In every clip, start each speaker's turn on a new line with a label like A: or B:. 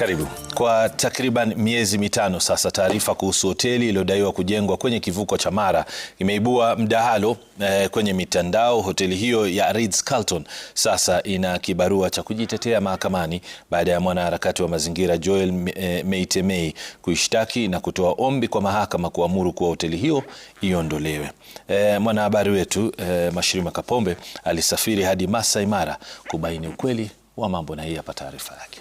A: Karibu. Kwa takriban miezi mitano sasa, taarifa kuhusu hoteli iliyodaiwa kujengwa kwenye kivuko cha Mara imeibua mdahalo eh, kwenye mitandao. Hoteli hiyo ya Ritz Carlton sasa ina kibarua cha kujitetea mahakamani baada ya mwanaharakati wa mazingira Joel eh, Meitemei kuishtaki na kutoa ombi kwa mahakama kuamuru kuwa hoteli hiyo iondolewe. Eh, mwanahabari wetu eh, Mashirima Kapombe alisafiri hadi Masai Mara kubaini ukweli wa mambo na hii hapa taarifa yake.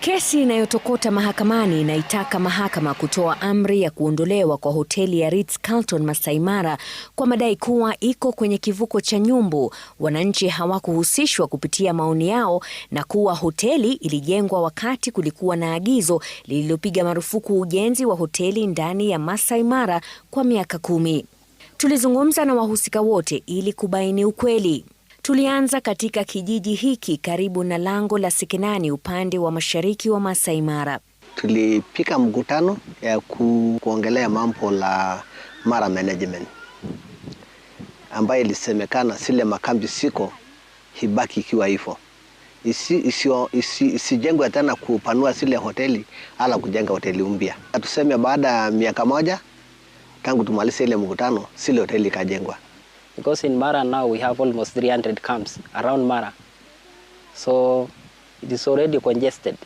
B: Kesi inayotokota mahakamani inaitaka mahakama kutoa amri ya kuondolewa kwa hoteli ya Ritz Carlton Masai Mara kwa madai kuwa iko kwenye kivuko cha nyumbu, wananchi hawakuhusishwa kupitia maoni yao, na kuwa hoteli ilijengwa wakati kulikuwa na agizo lililopiga marufuku ujenzi wa hoteli ndani ya Masai Mara kwa miaka kumi. Tulizungumza na wahusika wote ili kubaini ukweli. Tulianza katika kijiji hiki karibu na lango la Sekenani upande wa mashariki wa Masai Mara.
C: Tulipika mkutano ya ku, kuongelea mambo la Mara Management ambayo ilisemekana sile makambi siko hibaki ikiwa hivyo isijengwe isi, isi, isi tena kupanua sile hoteli ala kujenga hoteli mpya. Tuseme baada ya miaka moja tangu tumalize ile mkutano, sile hoteli ikajengwa
D: because in Mara now we have almost 300 camps around Mara. So it is already congested.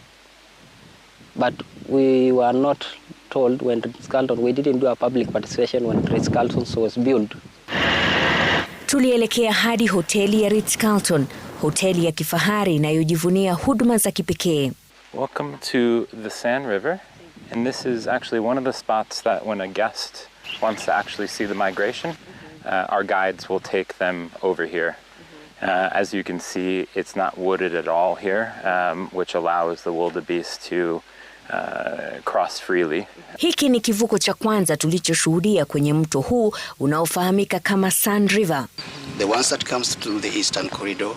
D: But we were not told when Ritz-Carlton, we didn't do a public participation when Ritz-Carlton was built.
B: Tulielekea hadi hoteli ya Ritz-Carlton, hoteli ya kifahari inayojivunia huduma za kipekee.
E: Welcome to the Sand River. And this is actually one of the spots that when a guest wants to actually see the migration, uh, our guides will take them over here. Mm-hmm. Uh, as you can see, it's not wooded at all here, um, which allows the wildebeest to Uh, cross freely.
B: Hiki ni kivuko cha kwanza tulichoshuhudia kwenye mto huu unaofahamika kama Sand River.
F: The ones that comes through the eastern corridor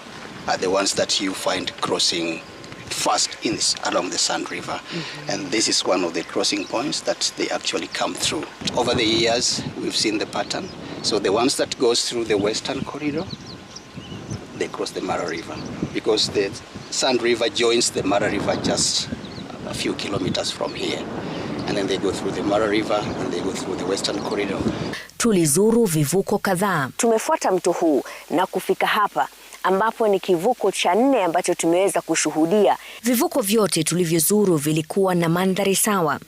F: are the ones that you find crossing first in this, along the Sand River. Mm -hmm. And this is one of the crossing points that they actually come through. Over the years, we've seen the pattern. So the ones that goes through the western corridor, they cross the Mara River because the Sand River joins the Mara River just a few kilometers from here. And then they go through the Mara River and they go through the western corridor.
B: Tulizuru vivuko kadhaa. Tumefuata mto huu na kufika hapa ambapo ni kivuko cha nne ambacho tumeweza kushuhudia. Vivuko vyote tulivyozuru vilikuwa na mandhari sawa,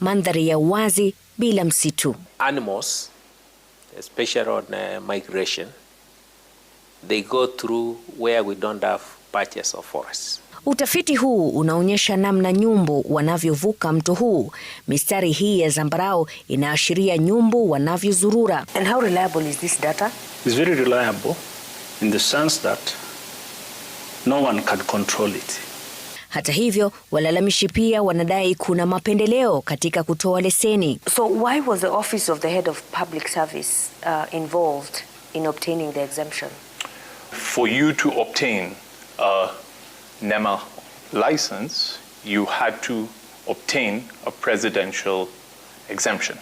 B: mandhari ya wazi bila msitu.
G: Animals especially on uh, migration, they go through where we don't have patches of forest.
B: Utafiti huu unaonyesha namna nyumbu wanavyovuka mto huu. Mistari hii ya zambarau inaashiria nyumbu wanavyozurura.
H: And how reliable is this data?
I: It's very reliable in the sense that no one can control it.
B: Hata hivyo, walalamishi pia wanadai kuna mapendeleo katika kutoa leseni.
H: So why was the office of the head of public service uh, involved in obtaining the exemption?
I: For you to obtain a NEMA license, you had to obtain a presidential exemption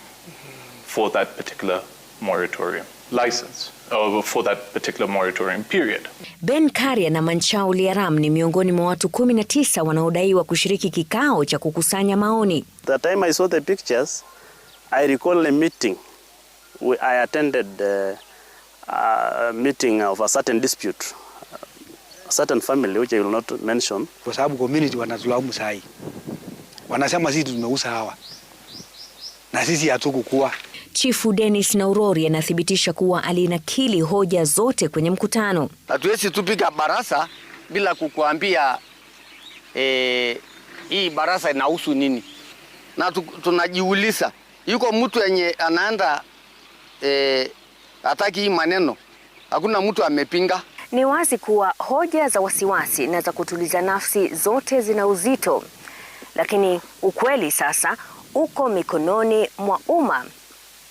I: for that particular moratorium license uh, for that particular moratorium period.
B: Ben Karia na Manchao Liaram ni miongoni mwa watu 19 wanaodaiwa kushiriki kikao cha kukusanya maoni.
J: The time I saw the pictures, I recall a meeting. we, I attended uh, a meeting of a certain dispute. A certain family which I will not mention.
K: Kwa sababu community wanatulaumu sahi. Wanasema sisi tumeusa hawa. Na sisi hatukukua.
B: Chifu Dennis Naurori anathibitisha kuwa alinakili hoja zote kwenye mkutano.
L: Hatuwezi tupiga barasa bila kukuambia e, hii barasa inahusu nini, na tunajiuliza yuko mtu yenye anaenda e, hataki hii maneno, hakuna mtu amepinga.
B: Ni wazi kuwa hoja za wasiwasi na za kutuliza nafsi zote zina uzito, lakini ukweli sasa uko mikononi mwa umma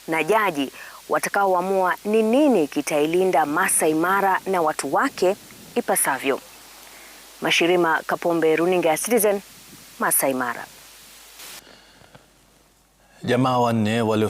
B: na jaji watakaoamua ni nini kitailinda Masai Mara na watu wake ipasavyo. Mashirima Kapombe, runinga ya Citizen, Masai Mara. Jamaa wanne walio